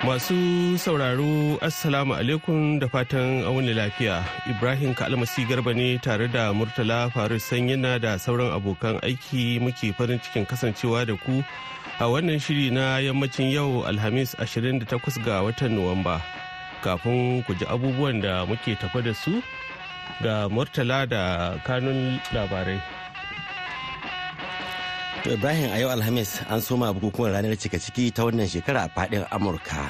Masu sauraro Assalamu alaikum da fatan wani lafiya. Ibrahim Kalmasi Garba ne tare da Murtala Faris Sanyina da sauran abokan aiki muke farin cikin kasancewa da ku a wannan shiri na yammacin yau Alhamis 28 ga watan Nuwamba. Kafin ku ji abubuwan da muke tafa da su ga Murtala da kanun labarai. To Ibrahim a yau Alhamis an soma bukukuwan ranar cika ciki ta wannan shekara a fadin Amurka.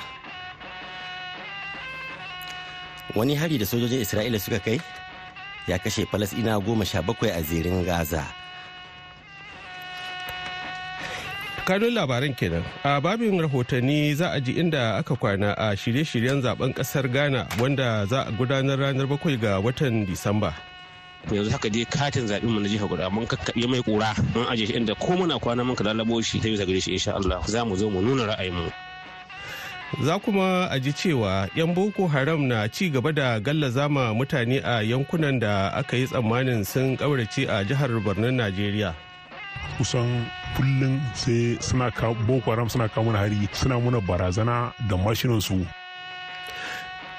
Wani hari da sojojin Isra'ila suka kai ya kashe Falasina goma sha bakwai a zirin Gaza. Kanun labaran kenan a babin rahotanni za a ji inda aka kwana a shirye-shiryen zaben kasar Ghana wanda za a gudanar ranar bakwai ga watan Disamba. to yanzu haka dai katin zaɓen mu na jiha guda mun kakkaɓe mai ƙura mun aje shi inda ko muna kwana mun ka lalabo shi sai bisa gare shi insha Allah za mu zo mu nuna ra'ayin mu za kuma a ji cewa 'yan boko haram na ci gaba da gallaza ma mutane a yankunan da aka yi tsammanin sun kaurace a jihar birnin najeriya kusan kullum sai suna boko haram suna kawo mana hari suna muna barazana da mashinansu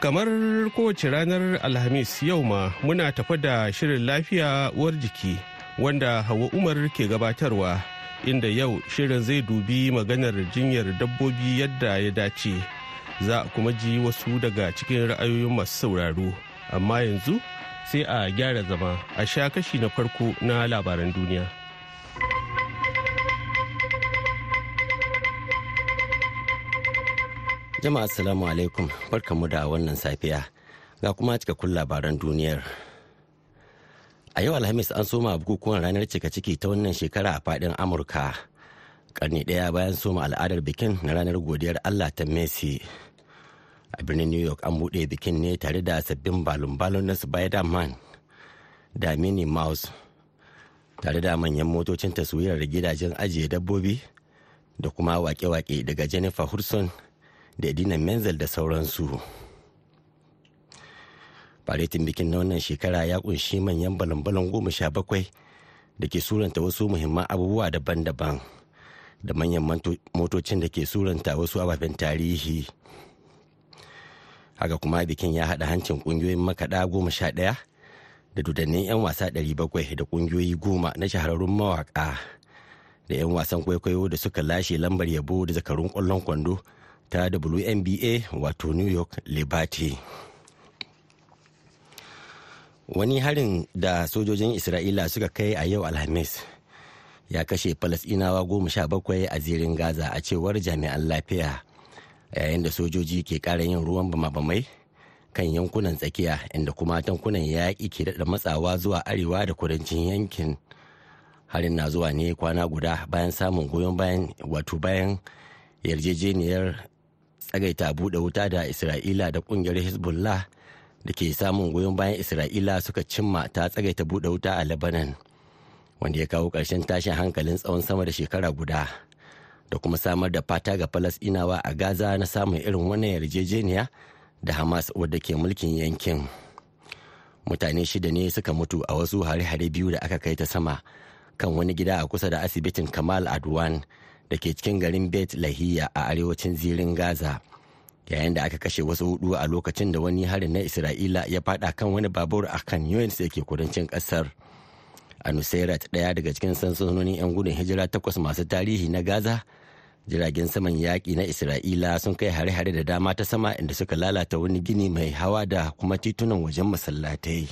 Kamar kowace ranar Alhamis yau ma muna tafa da shirin lafiya uwar jiki wanda Hawa Umar ke gabatarwa inda yau shirin zai dubi maganar jinyar dabbobi yadda ya dace. Za a kuma ji wasu daga cikin ra'ayoyin masu sauraro, amma yanzu sai a gyara zama a sha kashi na farko na labaran duniya. Jama'a assalamu alaikum mu da wannan safiya ga kuma cika cikakkun labaran duniyar. A yau Alhamis an soma bukukuwan ranar cika ciki ta wannan shekara a fadin Amurka. Karni ɗaya bayan soma al'adar bikin na ranar godiyar Allah ta Messi. A birnin New York an buɗe bikin ne tare da sabbin balon-balon na Spider-Man da Mini Mouse tare da manyan motocin taswirar gidajen ajiye dabbobi da kuma wake-wake daga Jennifer Hudson da dina menzel da sauransu faretin bikin na wannan shekara ya kunshi manyan balan goma sha bakwai da ke suranta wasu muhimman abubuwa daban-daban da manyan motocin da ke suranta wasu ababen tarihi haka kuma bikin ya haɗa hancin ƙungiyoyin makaɗa goma sha ɗaya da dudannin 'yan wasa 700 da ƙungiyoyi goma na shahararrun mawaƙa da 'yan wasan kwaikwayo da suka lashe lambar yabo da zakarun ƙwallon kwando ta WNBA wato New York Liberty. Wani harin da sojojin Isra'ila suka kai a yau Alhamis ya kashe Falasinawa goma sha bakwai a zirin Gaza a cewar jami'an lafiya yayin da sojoji ke kara yin ruwan bama-bamai kan yankunan tsakiya inda kuma tankunan yaƙi ke daɗa matsawa zuwa arewa da kudancin yankin. harin na zuwa ne kwana guda bayan samun goyon bayan wato bayan yarjejeniyar tsagaita buɗe wuta da isra'ila da ƙungiyar hezbollah da ke samun goyon bayan isra'ila suka cimma ta tsagaita buɗe wuta a lebanon wanda ya kawo ƙarshen tashin hankalin tsawon sama da shekara guda da kuma samar da fata ga falasɗinawa a gaza na samun irin wannan yarjejeniya da hamas wadda ke mulkin yankin mutane shida ne suka mutu a wasu hare-hare biyu da aka kai ta sama kan wani gida a kusa da asibitin kamal adwan da ke cikin garin bet lahiya a arewacin zirin gaza yayin da aka kashe wasu hudu a lokacin da wani harin na isra'ila ya fada kan wani babur a kan yunis da ke kudancin kasar a nusairat daya daga cikin sansanonin 'yan gudun hijira takwas masu tarihi na gaza jiragen saman yaƙi na isra'ila sun kai hare-hare da dama ta sama inda suka lalata wani gini mai hawa da kuma titunan wajen masallatai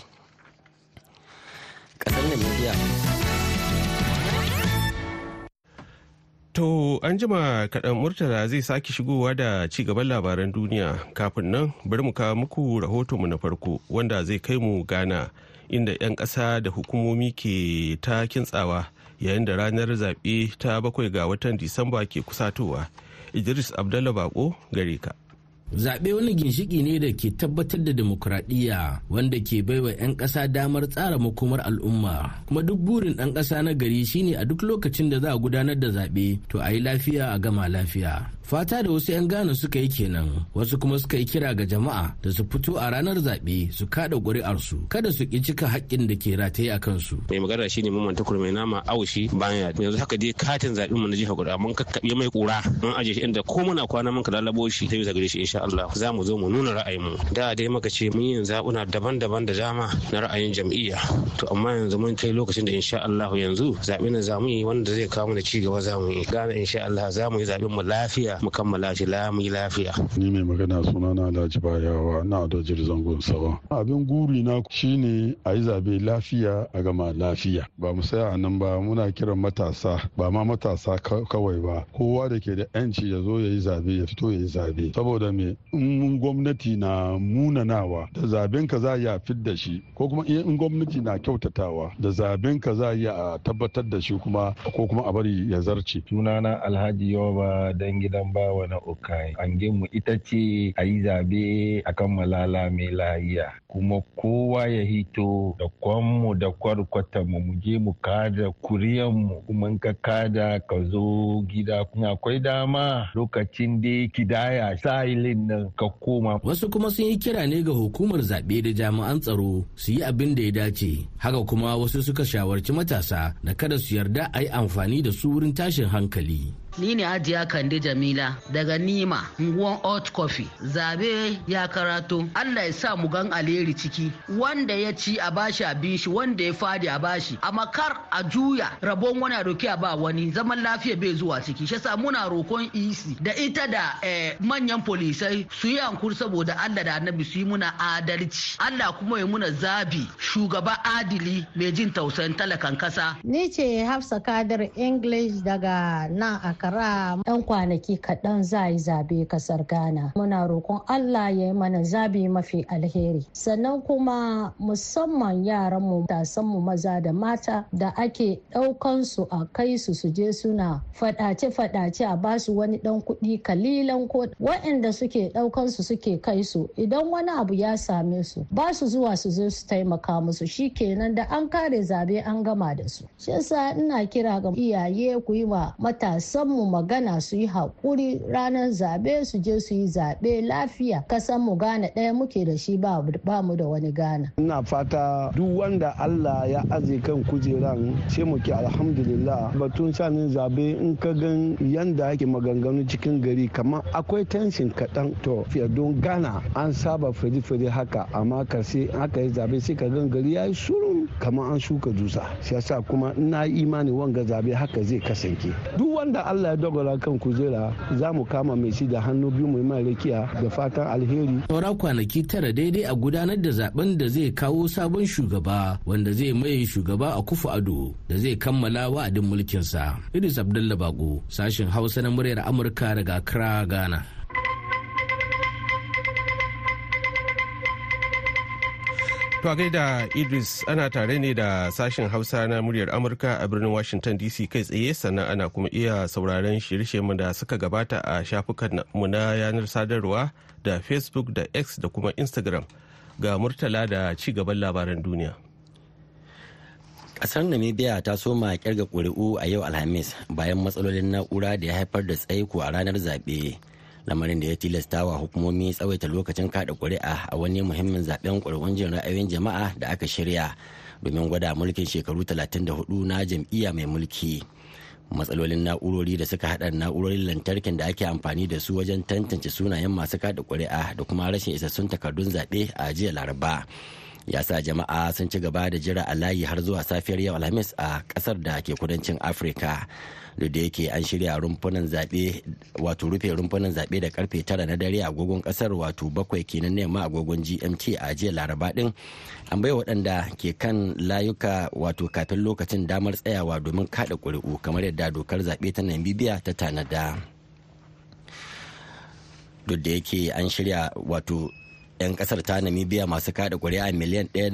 ƙasar namibia To an jima kaɗan Murtala zai sake shigowa da ci gaban labaran duniya kafin nan bari mu kawo muku rahotonmu na farko wanda zai kai mu gana inda 'yan ƙasa da hukumomi ke ta kintsawa yayin da ranar zaɓe ta bakwai ga watan Disamba ke kusatowa. Idris Abdullah Bako gare ka. Zaɓe wani ginshiki ne da ke tabbatar da demokuraɗiyya wanda ke baiwa 'yan ƙasa damar tsara makomar al'umma. Kuma duk burin ɗan ƙasa na gari shine a duk lokacin da za a gudanar da zaɓe to a yi lafiya a gama lafiya. fata da wasu 'yan Ghana suka yi kenan wasu kuma suka yi kira ga jama'a da su fito a ranar zaɓe su kada ƙuri'arsu kada su ƙi cika haƙƙin da ke rataye a kansu. Mai magana shi ne Mamman Takur mai nama aushi bayan yanzu haka dai katin zaɓen mu na jihar Kudu mun kakkaɓe mai ƙura mun aje shi inda ko muna kwana mun ka labo shi sai gare shi insha Allah za mu zo mu nuna ra'ayinmu. Da dai muka ce mun yi zaɓuna daban-daban da dama na ra'ayin jam'iyya to amma yanzu mun kai lokacin da insha Allah yanzu zaɓen yi wanda zai kawo mu da ci gaba zamu yi. Gana insha Allah za yi zaɓen mu lafiya mu kammala shi lami lafiya. Ni mai magana suna na Alhaji Bayawa na Adojir Zangon Sawa. Abin guri na shine a yi zabe lafiya a gama lafiya. Ba mu saya a nan ba muna kiran matasa ba ma matasa kawai ba. Kowa da ke da 'yanci ya zo ya yi zabe ya fito ya yi zabe. Saboda me in gwamnati na munanawa da zaben ka za ya fit da shi ko kuma in gwamnati na kyautatawa da zaben ka za ya tabbatar da shi kuma ko kuma a bari ya zarce. Sunana Alhaji Yoba dan gidan ba wa na Okai. mu ita ce a yi zabe a kan malala mai layiya. Kuma kowa ya hito da kwanmu da kwarkwata mu mu je mu kada kuriyan mu kuma ka kada ka zo gida. Akwai dama lokacin da kidaya sa'ilin nan ka koma. Wasu kuma sun yi kira ne ga hukumar zaɓe da jami'an tsaro su yi abin da ya dace. Haka kuma wasu suka shawarci matasa na kada su yarda a yi amfani da su wurin tashin hankali. ni ne ajiya Kande Jamila daga Nima, unguwan Hot Coffee. Zabe ya karato, Allah ya sa mu gan aleri ciki. Wanda ya ci a bashi a shi wanda ya fadi a bashi. A makar a juya, rabon wani a roki a ba wani, zaman lafiya bai zuwa ciki. Shi sa muna rokon isi e da ita da eh, manyan polisai su yi hankuri saboda Allah da Annabi su yi muna adalci. Allah kuma ya muna zabi shugaba adili mai jin tausayin talakan kasa. Ni ce Hafsa kadar English daga nan a shekara yan kwanaki kaɗan za yi zaɓe kasar ghana muna roƙon allah ya yi mana zabi mafi alheri sannan kuma musamman yaran mu maza da mata da ake ɗaukan su a kai su su je suna faɗace-faɗace a basu wani ɗan kuɗi kalilan ko waɗanda suke ɗaukansu suke kai su idan wani abu ya same su ba su zuwa su zo su taimaka musu shi kenan da an kare zaɓe an gama da su shi yasa ina kira ga iyaye ku yi wa matasanmu mu magana su yi haƙuri ranar zaɓe su je su yi zaɓe lafiya kasan mu gane ɗaya muke da shi ba mu da wani gana. ina fata duk wanda allah ya aje kan kujeran sai mu ke alhamdulillah batun sanin zaɓe in ka gan yanda ake maganganu cikin gari kamar akwai tenshin kaɗan to don gana an saba fari-fari haka amma ka sai aka yi zaɓe sai ka gan gari ya yi surun kamar an shuka dusa shi yasa kuma ina imani wanga zaɓe haka zai kasance duk wanda allah Allah ya dogara kan kujera za mu kama mai shi da hannu biyu mai mai rakiya da fatan alheri. Saura kwanaki tara daidai a gudanar da zaben da zai kawo sabon shugaba wanda zai maye shugaba a kufu ado da zai kammala wa'adin mulkinsa. Idris Abdullah Bako sashen Hausa na muryar Amurka daga Accra, Ghana. To gaida Idris ana tare ne da sashen Hausa na muryar Amurka a birnin Washington DC kai tsaye sannan ana kuma iya sauraron shirye mu da suka gabata a shafukan mu na yanar sadarwa da Facebook da X da kuma Instagram ga murtala da ci gaban labaran duniya. Kasar Namibia ta soma kirga ƙuri'u a yau Alhamis bayan matsalolin na'ura da ya haifar da tsaiko a ranar zaɓe. lamarin da ya tilasta wa hukumomi tsawaita lokacin kada kuri'a a wani muhimmin zaben ƙuri'un jin ra'ayoyin jama'a da aka shirya domin gwada mulkin shekaru 34 na jam'iyya mai mulki matsalolin na'urori da suka haɗa na'urorin lantarkin da ake amfani da su wajen tantance sunayen masu kada kuri'a da kuma rashin isassun takardun zaɓe a jiya laraba ya sa jama'a sun ci gaba da jira a layi har zuwa safiyar yau alhamis a kasar da ke kudancin afirka duk da yake an shirya rumfunan zaɓe wato rufe rumfunan zaɓe da karfe tara na dare agogon kasar wato bakwai kenan nema agogon gmt a jiya laraba din an bai waɗanda ke kan layuka wato kafin lokacin damar tsayawa domin kaɗa ƙuri'u kamar yadda dokar zaɓe ta namibia ta tanada duk da yake an shirya wato 'yan kasar ta namibia masu kada kuri'a miliyan ɗaya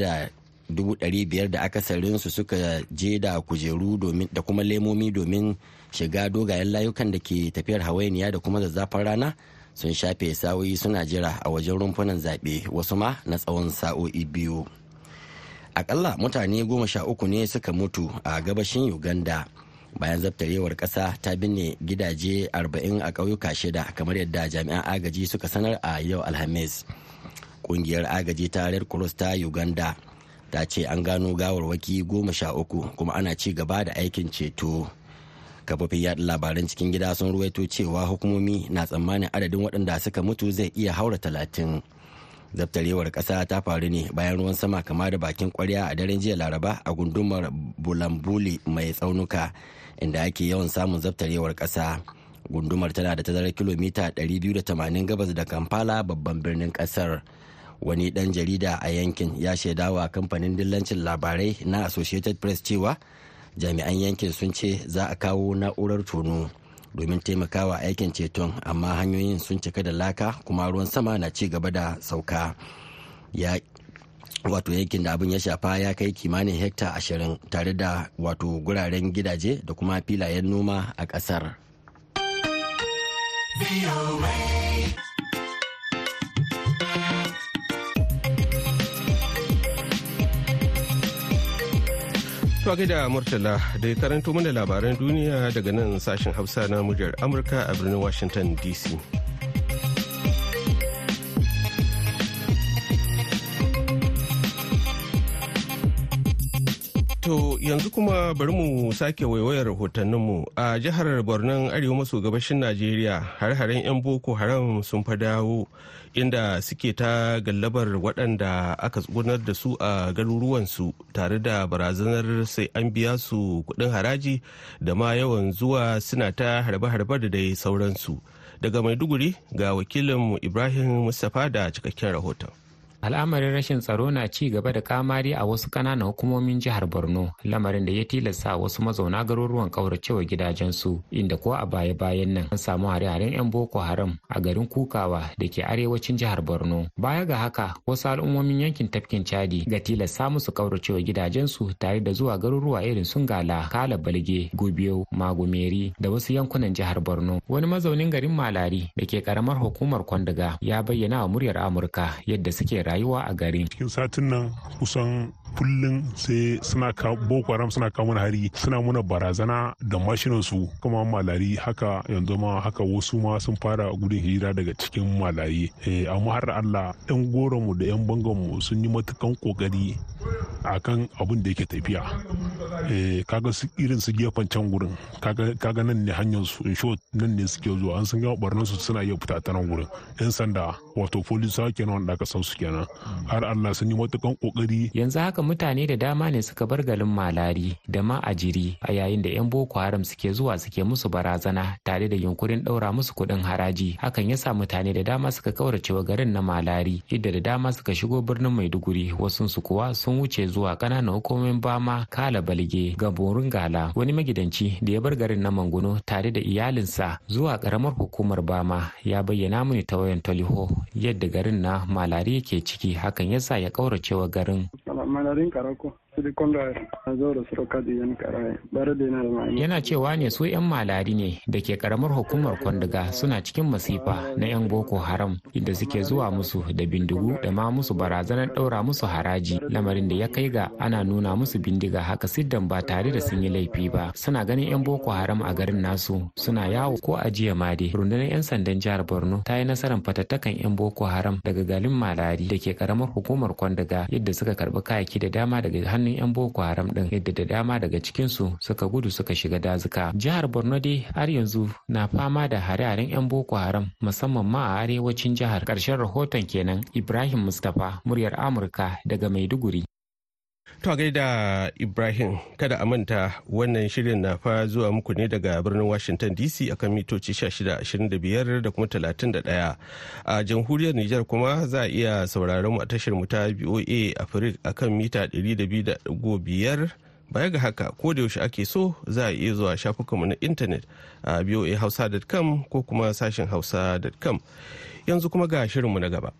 da biyar da akasarinsu suka je da kujeru da kuma lemomi domin shiga dogayen layukan da ke tafiyar hawainiya da kuma zazzafan rana sun shafe sa'o'i suna jira a wajen rumfunan zaɓe wasu ma na tsawon sa'o'i biyu akalla mutane goma sha uku ne suka mutu a gabashin uganda bayan zaftarewar ƙasa ta binne gidaje arba'in a ƙauyuka shida kamar yadda jami'an agaji suka sanar a yau alhamis kungiyar agaji ta red cross ta uganda ta ce an gano gawarwaki goma sha uku kuma ana ci gaba da aikin ceto kafofin yaɗa labaran cikin gida sun ruwaito cewa hukumomi na tsammanin adadin waɗanda suka mutu zai iya haura talatin zaftarewar ƙasa ta faru ne bayan ruwan sama kama da bakin kwarya a daren jiya laraba a gundumar bulambuli mai tsaunuka inda ake yawan samun zaftarewar ƙasa gundumar tana da tazarar kilomita 280 gabas da kampala babban birnin ƙasar wani dan jarida a yankin ya shaidawa kamfanin dillancin labarai na associated press cewa jami'an yankin sun ce za a kawo na'urar tono domin taimakawa aikin ceton amma hanyoyin sun cika da laka kuma ruwan sama na ci gaba da sauka ya wato yankin da abin ya shafa ya kai kimanin hekta ashirin tare da wato guraren gidaje da kuma filayen noma a ƙasar. To da Murtala da ya karanto mana labaran duniya daga nan sashen Hausa na muryar Amurka a birnin Washington DC. yanzu kuma bari mu sake waiwayar mu. a jihar Borno Arewa maso gabashin Najeriya har-haren 'yan Boko Haram sun fa dawo inda suke ta gallabar waɗanda aka tsugunar da su a garuruwansu tare da barazanar sai an biya su kuɗin haraji da ma yawan zuwa suna ta harbe-harbe da dai sauransu. Daga Maiduguri ga wakilinmu Ibrahim Mustapha da cikakken rahoton. al'amarin rashin tsaro na ci gaba da kamari a wasu ƙananan hukumomin jihar borno lamarin da ya tilasta wasu mazauna garuruwan ƙauracewa gidajensu inda ko a baya-bayan nan an samu hare-haren 'yan boko haram a garin kukawa da ke arewacin jihar borno baya ga haka wasu al'ummomin yankin tafkin chadi ga tilasta musu ƙauracewa gidajensu tare da zuwa garuruwa irin sun gala kala balge gubiyo magumeri da wasu yankunan jihar borno wani mazaunin garin malari da ke karamar hukumar kwandiga ya bayyana wa muryar amurka yadda suke rayuwa rayuwa a garin. Cikin satin nan kusan kullum sai suna boko haram suna kawo mana hari suna muna barazana da mashinan su kuma malari haka yanzu ma haka wasu ma sun fara gudun hira daga cikin malari eh, amma har Allah yan goron mu da yan bangon mu sun yi matukan kokari akan abin da yake tafiya eh, kaga su irin su gefen can gurin kaga nan ne hanyar su insho nan ne suke zuwa an sun gama barnan su suna iya fita ta nan gurin yan sanda wato polisa kenan wanda aka san su kenan har Allah sun yi matukan kokari yanzu haka mutane da dama ne suka bar garin malari da ma a jiri a yayin da 'yan boko haram suke zuwa suke musu barazana tare da yunkurin ɗaura musu kuɗin haraji hakan ya sa mutane da dama suka kaurace wa garin na malari inda da dama suka shigo birnin maiduguri wasu kuwa sun wuce zuwa ƙananan hukumomin bama kala balge borin gala wani magidanci da ya bar garin na manguno tare da iyalinsa zuwa ƙaramar hukumar bama ya bayyana mini ta wayan taliho yadda garin na malari yake ciki hakan ya sa ya kaurace wa garin Malarín Caraco. Yana cewa ne su 'yan malari ne da ke karamar hukumar kwandiga suna cikin masifa na 'yan Boko Haram inda suke zuwa musu da bindigu da ma musu barazanar ɗaura musu haraji lamarin da ya kai ga ana nuna musu bindiga haka siddan ba tare da sun yi laifi ba. Suna ganin 'yan Boko Haram a garin nasu suna yawo ko a jiya made Rundunar 'yan sandan jihar Borno ta yi nasarar fatattakan 'yan Boko Haram daga galin malari da ke karamar hukumar kwandiga yadda suka karɓi kayaki da dama daga hannun 'yan boko haram ɗin, yadda da dama daga cikinsu suka gudu suka shiga dazuka jihar borno dai har yanzu na fama da hare-haren 'yan boko haram musamman ma a arewacin jihar Karshen rahoton kenan ibrahim mustapha muryar amurka daga maiduguri To da Ibrahim kada a manta wannan shirin na fa zuwa muku ne daga birnin Washington DC akan mitoci 1625 da kuma 31. A jamhuriyar Nijar kuma za a iya sauraron mu a tashar mu ta BOA a akan mita 200.5 baya ga haka ko da yaushe ake so za a iya zuwa shafukanmu na intanet a boahausa.com ko kuma sashen hausa.com yanzu kuma ga shirinmu na gaba.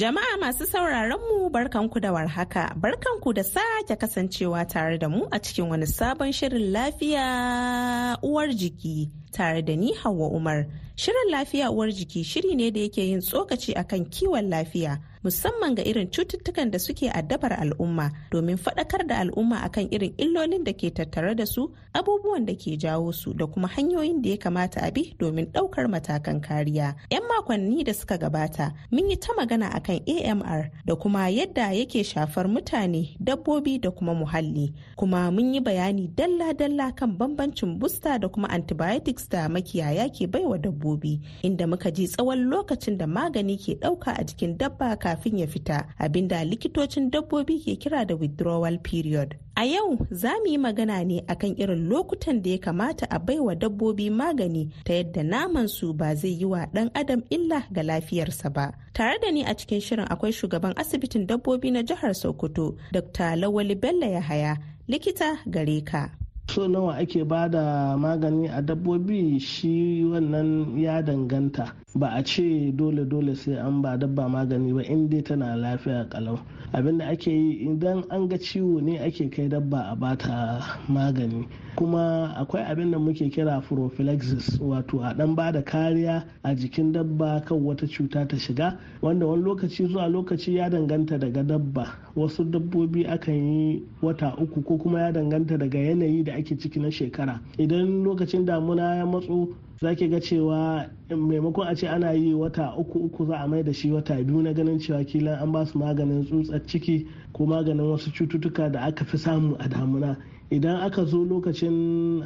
Jama'a masu sauraron mu barkanku da warhaka, barkanku da sake kasancewa tare da mu a cikin wani sabon shirin lafiya uwar jiki tare da ni Hauwa Umar. Shirin lafiya uwar jiki shiri ne da yake yin tsokaci akan kiwon lafiya. musamman ga irin cututtukan da suke addabar al'umma domin faɗakar da al'umma akan irin illolin da ke tattare da su abubuwan da ke jawo su da kuma hanyoyin da ya kamata a bi domin ɗaukar matakan kariya. 'Yan makonni da suka gabata mun yi ta magana akan AMR da kuma yadda yake shafar mutane, dabbobi da kuma muhalli. Kuma mun yi bayani dalla-dalla kan bambancin busta da kuma antibiotics da makiyaya ke baiwa dabbobi inda muka ji tsawon lokacin da magani ke ɗauka a jikin dabba kafin ya fita abinda likitocin dabbobi ke kira da withdrawal period a yau za mu yi magana ne akan irin lokutan da ya kamata a baiwa dabbobi magani ta yadda naman su ba zai yi wa dan adam illa ga lafiyarsa ba tare da ni a cikin shirin akwai shugaban asibitin dabbobi na jihar sokoto dr lawali bello yahaya likita gare ka so nawa ake ba da magani a dabbobi shi wannan ya danganta ba a ce dole dole sai an ba dabba magani ba in dai tana lafiya kalau abinda ake yi idan an ga ciwo ne ake kai dabba a bata magani kuma akwai abinda muke kira prophylaxis wato a dan ba da kariya a jikin dabba kan wata cuta ta shiga wanda wani lokaci zuwa lokaci ya danganta daga dabba wasu dabbobi akan yi wata uku ko kuma ya danganta daga yanayi da da ake ciki na shekara idan lokacin damuna ya matsu za ga cewa maimakon a ce ana yi wata uku uku za a mai da shi wata biyu na ganin cewa kila an ba su maganin tsutsar ciki ko maganin wasu cututtuka da aka fi samu a damuna idan aka zo lokacin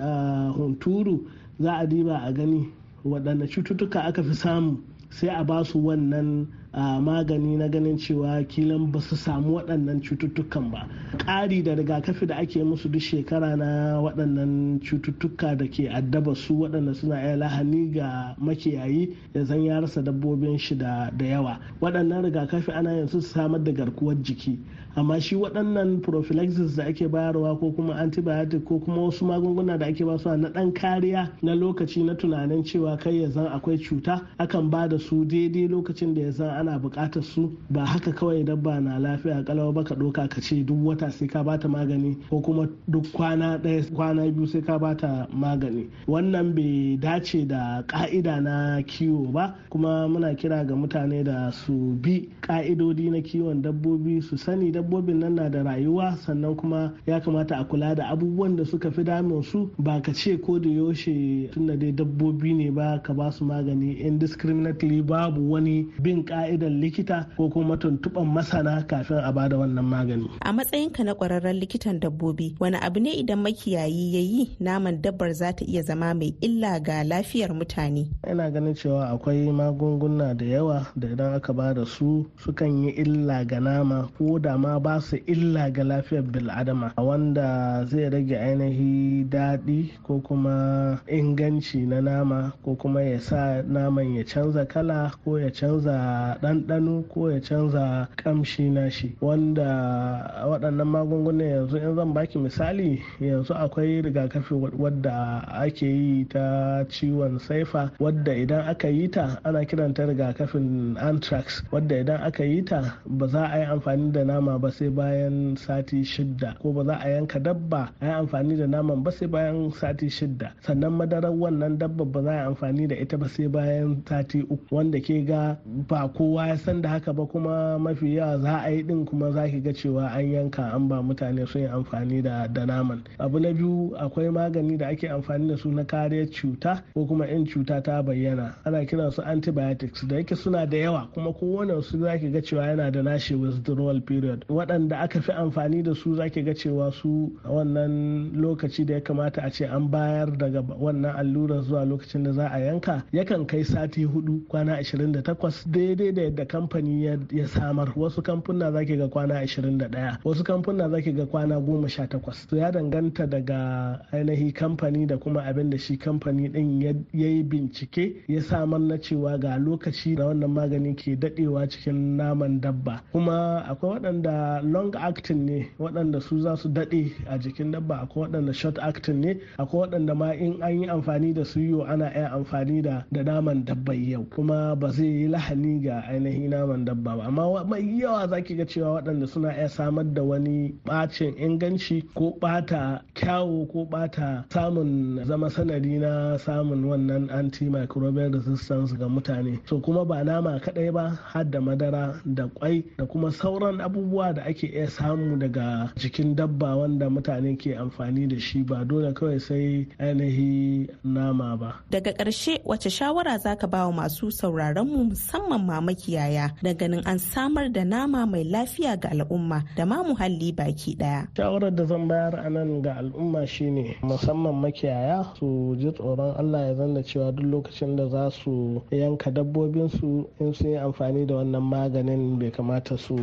hunturu za a diba a gani waɗanne cututtuka aka fi samu sai a ba su wannan magani na ganin cewa kilan ba su samu waɗannan cututtukan ba ƙari da rigakafi da ake musu duk shekara na waɗannan cututtuka da ke addaba su waɗanda suna iya lahani ga makiyayi ya zan ya rasa dabbobin shi da yawa waɗannan rigakafi ana yanzu samar da garkuwar jiki amma shi waɗannan prophylaxis da ake bayarwa ko kuma antibiotic ko kuma wasu magunguna da ake basu na ɗan kariya na lokaci na tunanin cewa kai ya zan akwai cuta akan ba da su daidai lokacin da ya zan ana buƙatar su ba haka kawai dabba na lafiya kalawa ba ka ɗoka ka ce duk wata sai ka bata magani ko kuma duk kwana ɗaya kwana biyu sai ka bata magani wannan bai dace da ka'ida na kiwo ba kuma muna kira ga mutane da su bi ka'idodi na kiwon dabbobi su sani dabbobin nan na da rayuwa sannan kuma ya kamata a kula da abubuwan da suka fi damun su ba ka ce ko da yaushe tunda dai dabbobi ne ba ka ba su magani indiscriminately babu wani bin ka ka'idar likita ko kuma tuntuɓan masana kafin a bada wannan magani. A matsayinka na ƙwararren likitan dabbobi wani abu ne idan makiyayi ya yi naman dabbar za ta iya zama mai illa ga lafiyar mutane. Ina ganin cewa akwai magunguna da yawa da idan aka ba da su sukan yi illa ga nama ko da ma ba su illa ga lafiyar bil'adama wanda zai rage ainihi daɗi ko kuma inganci na nama ko kuma ya sa naman ya canza kala ko ya canza ɗanɗano ko ya canza ƙamshi shi wanda waɗannan magungunan yanzu in zan baki misali yanzu akwai rigakafi wadda ake yi ta ciwon saifa wadda idan aka yi ta ana kiranta rigakafin anthrax wadda idan aka yi ta ba za a yi amfani da nama ba sai bayan sati shidda ko ba za a yanka dabba a yi amfani da naman ba sai bayan sati shidda sannan madarar wannan dabba ba za a yi amfani da ita ba sai bayan sati uku wanda ke ga ba ko kowa ya san da haka ba kuma mafi yawa za a yi din kuma za ki ga cewa an yanka an ba mutane sun yi amfani da naman abu na biyu akwai magani da ake amfani da su na kariyar cuta ko kuma in cuta ta bayyana ana kiran su antibiotics da yake suna da yawa kuma kowane su za ki ga cewa yana da nashi withdrawal period waɗanda aka fi amfani da su za ki ga cewa su wannan lokaci da ya kamata a ce an bayar daga wannan allurar zuwa lokacin da za a yanka yakan kai sati hudu kwana 28 daidai da yadda kamfani ya samar wasu kamfuna zaki ga kwana 21 wasu kamfuna zaki ga kwana 18 to ya danganta daga ainihi kamfani da kuma abin da shi kamfani din ya yi bincike ya samar na cewa ga lokaci da wannan magani ke dadewa cikin naman dabba kuma akwai waɗanda long acting ne waɗanda su za su dade a jikin dabba akwai waɗanda short acting ne akwai waɗanda ma in an yi amfani da su yiwo ana iya amfani da naman dabbai yau kuma ba zai yi lahani ga ainihin naman dabba ba amma mai yawa zaki ga cewa waɗanda suna iya samar da wani ɓacin inganci ko ɓata kyawu ko ɓata samun zama sanadi na samun wannan antimicrobial resistance ga mutane so kuma ba nama kaɗai ba har da madara da kwai da kuma sauran abubuwa da ake iya samu daga jikin dabba wanda mutane ke amfani da shi ba dole kawai sai ainihi nama ba daga ƙarshe wace shawara za ka ba wa masu sauraron mu musamman mamaki? makiyaya da ganin an samar da nama mai lafiya ga al'umma da ma muhalli baki daya. Shawarar da zan bayar a nan ga al'umma shine musamman makiyaya su ji tsoron Allah ya da cewa duk lokacin da za su yanka dabbobin su in sun yi amfani da wannan maganin bai kamata su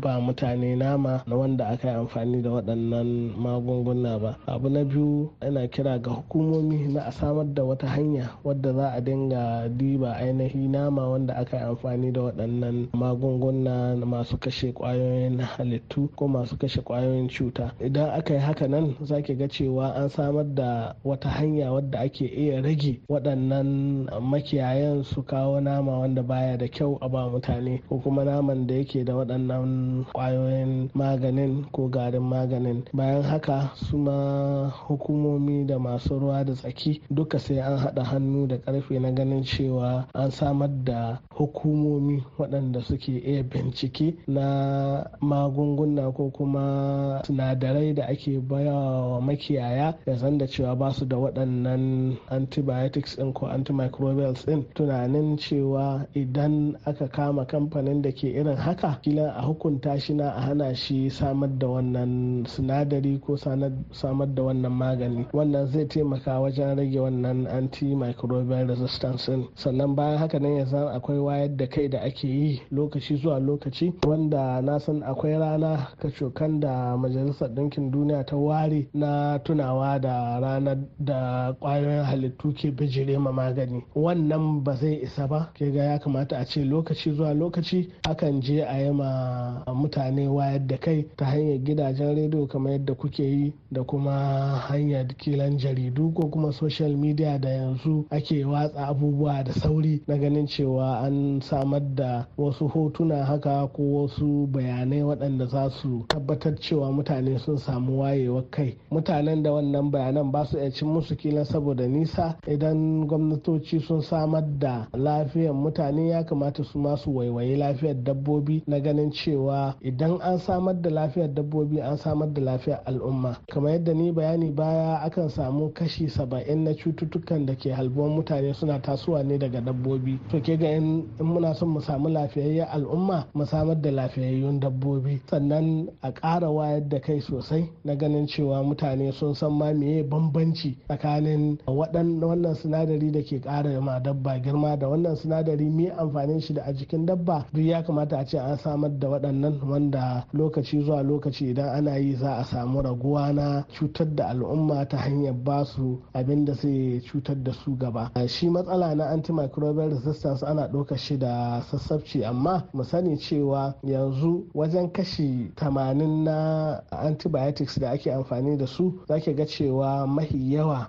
ba mutane nama na wanda aka yi amfani da waɗannan magunguna ba. Abu na biyu ana kira ga hukumomi na a samar da wata hanya wadda za a dinga diba ainihi nama wanda aka yi amfani da waɗannan magunguna masu kashe ƙwayoyin halittu ko masu kashe ƙwayoyin cuta idan aka yi haka nan za ga cewa an samar da wata hanya wadda ake iya rage waɗannan makiyayan su kawo nama wanda baya da kyau a ba mutane ko kuma naman da yake da waɗannan ƙwayoyin maganin ko garin maganin bayan haka su ma hukumomi da masu ruwa da tsaki duka sai an haɗa hannu da ƙarfe na ganin cewa an samar da hukumomi hukumomi waɗanda suke iya bincike na magunguna ko kuma sinadarai da ake bayawa makiyaya ya zan da cewa ba su da waɗannan antibiotics ɗin ko antimicrobials ɗin tunanin cewa idan aka kama kamfanin da ke irin haka kila a hukunta shi na a hana shi samar da wannan sinadari ko samar da wannan magani wannan zai taimaka wajen rage wannan antimicrobial resistance ɗin sannan bayan haka nan ya zan akwai wayar da kai kai da ake yi lokaci zuwa lokaci wanda na san akwai rana kacokan da majalisar ɗinkin duniya ta ware na tunawa da ranar da kwayoyin halittu ke bijire ma magani wannan ba zai isa ba ke ga ya kamata a ce lokaci zuwa lokaci akan je a yi ma mutane wayar da kai ta hanyar gidajen rediyo kamar yadda kuke yi da kuma hanyar kilan jaridu ko kuma social media da yanzu ake watsa abubuwa da sauri na ganin cewa an samu samar da wasu hotuna haka ko wasu bayanai waɗanda za su tabbatar cewa mutane sun samu wayewa kai mutanen da wannan bayanan ba su cin musu kila saboda nisa idan gwamnatoci sun samar da lafiyar mutane ya kamata su masu waiwaye lafiyar dabbobi na ganin cewa idan an samar da lafiyar dabbobi an samar da lafiyar al'umma kamar yadda ni bayani baya akan samu kashi saba'in na cututtukan da ke halbuwan mutane suna tasowa ne daga dabbobi to ke ga in muna so son mu samu lafiyayyen al'umma mu samar da lafiyayyun dabbobi sannan a ƙara wayar da kai sosai na ganin cewa mutane sun san ma meye bambanci tsakanin wannan sinadari da ke ƙara ma dabba girma da wannan sinadari mai amfanin shi da a jikin dabba duk ya kamata a ce an samar da waɗannan wanda lokaci zuwa lokaci idan ana yi za a samu raguwa na cutar da al'umma ta hanyar ba su abin da zai cutar da su gaba shi matsala na antimicrobial resistance ana ɗaukar shi da a sassabci amma mu sani cewa yanzu wajen kashi 80 na antibiotics da ake amfani da su zaki ga cewa mahi yawa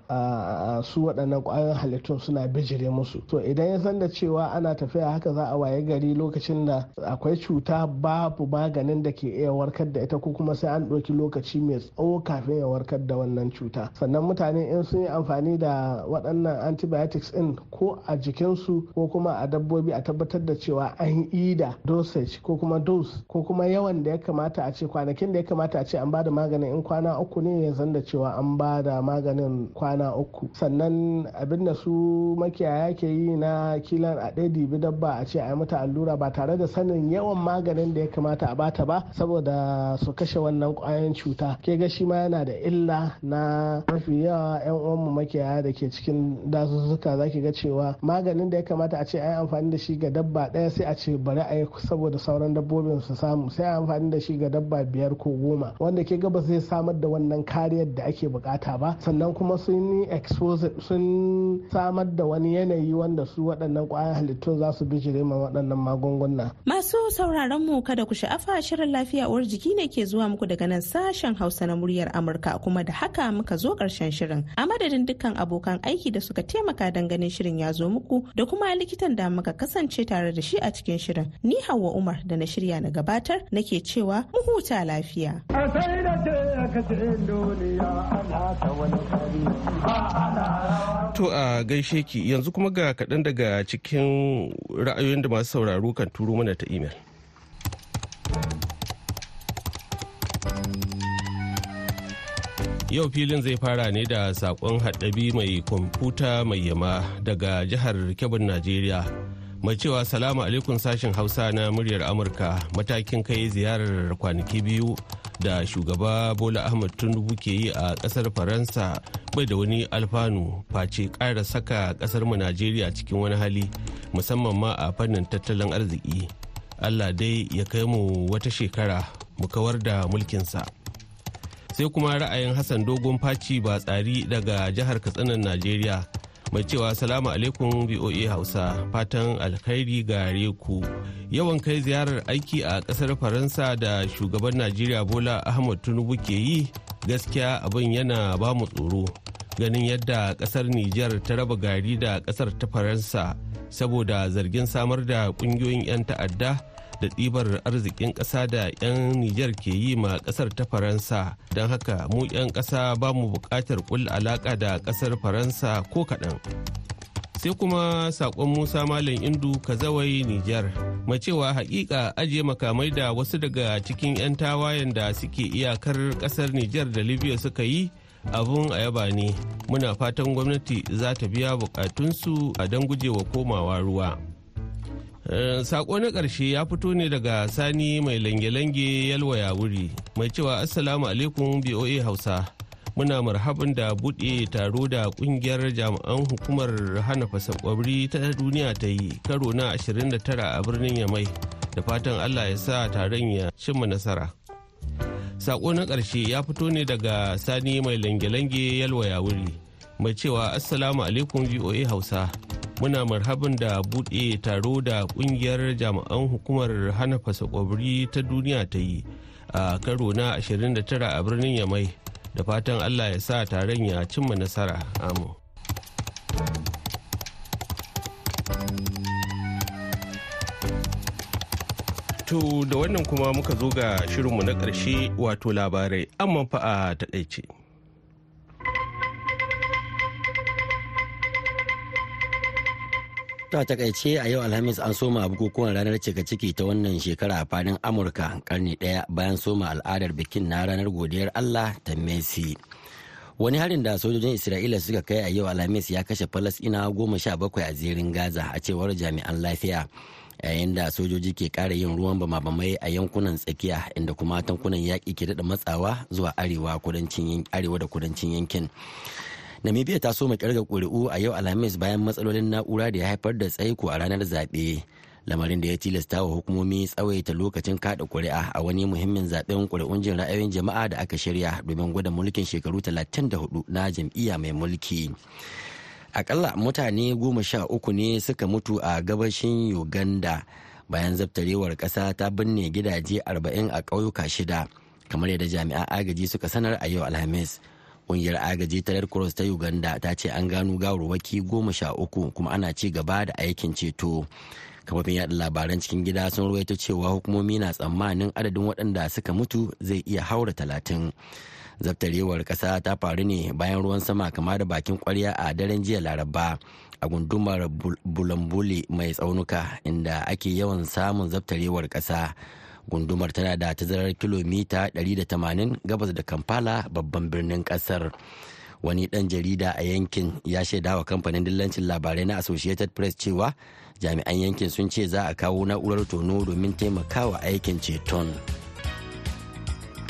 su waɗannan ƙwayoyin halittun suna bijire musu to idan ya san da cewa ana tafiya haka za a waye gari lokacin da akwai cuta babu maganin da ke iya warkar da ita ko kuma sai an ɗauki lokaci mai tsawo kafin ya warkar da wannan cuta sannan mutane in sun yi amfani da waɗannan antibiotics ɗin ko a jikinsu ko kuma a dabbobi a tabbatar da cewa an ida dosage ko kuma dose ko kuma yawan da ya kamata a ce kwanakin da ya kamata a ce an bada maganin in kwana uku ne ya zanda cewa an bada maganin kwana uku sannan abin da su makiyaya ke yi na kilan a ɗaya dibi dabba a ce a yi mata allura ba tare da sanin yawan maganin da ya kamata a bata ba saboda su kashe wannan kwayan cuta ke ga shi ma yana da illa na mafi yawa yan uwanmu makiyaya da ke cikin dazuzzuka zaki ga cewa maganin da ya kamata a ce a yi amfani da shi ga dabba dabba ɗaya sai a ce bari a yi saboda sauran dabbobin su samu sai amfani da shi ga dabba biyar ko goma wanda ke gaba zai samar da wannan kariyar da ake bukata ba sannan kuma sun yi sun samar da wani yanayi wanda su waɗannan ƙwayar halittun za su bijire ma waɗannan magunguna. Masu sauraron mu kada ku sha'afa shirin lafiya uwar jiki ne ke zuwa muku daga nan sashen Hausa na muryar Amurka kuma da haka muka zo karshen shirin. A madadin dukkan abokan aiki da suka taimaka don ganin shirin ya zo muku da kuma likitan da muka kasance tare da shi a cikin shirin ni hawa umar da na shirya na gabatar nake cewa mu huta lafiya to a gaishe ki yanzu kuma ga kaɗan daga cikin ra'ayoyin da masu sauraro kan turo mana ta imel yau filin zai fara ne da sakon haɗabi mai kwamfuta mai yama daga jihar kebun najeriya mai cewa salamu alaikum sashen hausa na muryar amurka matakin kai ziyarar kwanaki biyu da shugaba bola ahmad tinubu ke yi a kasar faransa bai da wani alfanu face kara saka kasar mu najeriya cikin wani hali musamman ma a fannin tattalin arziki allah dai ya kai mu wata shekara mu kawar da mulkinsa sai kuma ra'ayin hassan dogon faci ba tsari daga jihar katsinan najeriya mai cewa salamu alaikum voa hausa fatan alkhairi gare ku yawan kai ziyarar aiki a kasar faransa da shugaban najeriya bola ahmad tinubu ke yi gaskiya abin yana ba mu tsoro ganin yadda kasar niger ta raba gari da kasar ta faransa saboda zargin samar da kungiyoyin 'yan ta'adda da ɗibar arzikin ƙasa da 'yan Nijar ke yi ma ƙasar ta Faransa don haka mu 'yan ƙasa ba mu buƙatar ƙulla alaƙa da ƙasar Faransa ko kaɗan. Sai kuma saƙon Musa Malam Indu ka zawai Nijar mai cewa haƙiƙa ajiye makamai da wasu daga cikin 'yan tawayen da suke iyakar ƙasar Nijar da Libya suka yi abun a yaba ne muna fatan gwamnati za ta biya bukatunsu a don gujewa komawa ruwa. Eh, sako na ƙarshe ya fito ne daga Sani mai lange-lange yalwaya wuri mai cewa Assalamu alaikum BOA Hausa. Muna marhaban da buɗe taro da ƙungiyar jami'an hukumar hana fasakwabri ta duniya ta yi karo na 29 a birnin Yamai da fatan Allah ya sa taron ya cimma nasara. Sako na ƙarshe ya fito ne daga Sani mai lange-lange yalwaya wuri. mai cewa assalamu alaikum voa hausa muna marhaban da buɗe taro da ƙungiyar jami'an hukumar hana fasa fasakwabri ta duniya ta yi a karo na 29 a birnin yamai da fatan allah ya sa taron ya cimma nasara amu to da wannan kuma muka zo ga shirinmu na ƙarshe wato labarai amma fa a ɗaice To a takaice a yau Alhamis an soma bukukuwan ranar cika ciki ta wannan shekara a fadin Amurka karni ɗaya bayan soma al'adar bikin na ranar godiyar Allah ta Messi. Wani harin da sojojin Isra'ila suka kai a yau Alhamis ya kashe Falasɗinawa goma sha bakwai a zirin Gaza a cewar jami'an lafiya. yayin da sojoji ke ƙara yin ruwan bamabamai a yankunan tsakiya inda kuma tankunan yaƙi ke daɗa matsawa zuwa arewa da kudancin yankin. namibia ta soma mai kirga kuri'u a yau alhamis bayan matsalolin na'ura da ya haifar da tsaiko a ranar zaɓe lamarin da ya tilasta wa hukumomi tsawaita lokacin kada kuri'a a wani muhimmin zaɓen kuri'un jin ra'ayoyin jama'a da aka shirya domin gwada mulkin shekaru talatin da hudu na jam'iyya mai mulki akalla mutane goma sha uku ne suka mutu a gabashin uganda bayan zabtarewar ƙasa ta binne gidaje arba'in a ƙauyuka shida kamar yadda jami'an agaji suka sanar a yau alhamis Ƙungiyar agaji ta Red Cross ta Uganda ta ce an gano gawarwaki goma sha uku kuma ana ci gaba da aikin ceto. kafafin yada labaran cikin gida sun ruwaito cewa hukumomi na tsammanin adadin waɗanda suka mutu zai iya haura talatin zaftarewar ƙasa ta faru ne bayan ruwan sama kama da bakin kwarya a daren jiya laraba a gundumar bulambuli mai tsaunuka inda ake yawan samun zaftarewar ƙasa gundumar tana da tazarar kilomita 180 gabas da kampala babban birnin kasar wani dan jarida a yankin ya shaida wa kamfanin dillancin labarai na associated press cewa jami'an yankin sun ce za a kawo na'urar tono domin taimakawa aikin ceton.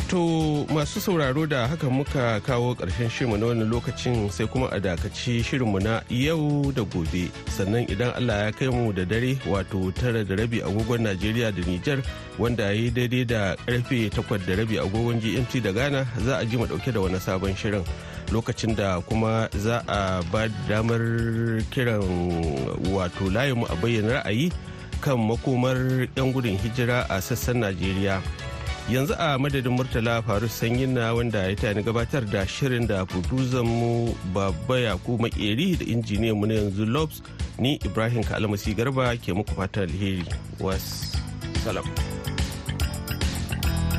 To masu sauraro da haka muka kawo ƙarshen shirinmu na wannan lokacin sai kuma a dakaci shirinmu na yau da gobe. Sannan idan Allah ya kai mu da dare wato tara da rabi agogon Najeriya da Nijar wanda ya yi daidai da karfe takwas da rabi agogon GMT da Ghana za a ji mu ɗauke da wani sabon shirin. Lokacin da kuma za a ba damar kiran wato layin mu a bayyana ra'ayi kan makomar 'yan gudun hijira a sassan Najeriya. yanzu a madadin murtala faru sanyin na wanda ya tani gabatar da shirin da buduzan mu babba yaku makeri da injiniyan mu na yanzu lobs ni ibrahim kalmasi garba ke muku fatan alheri was salam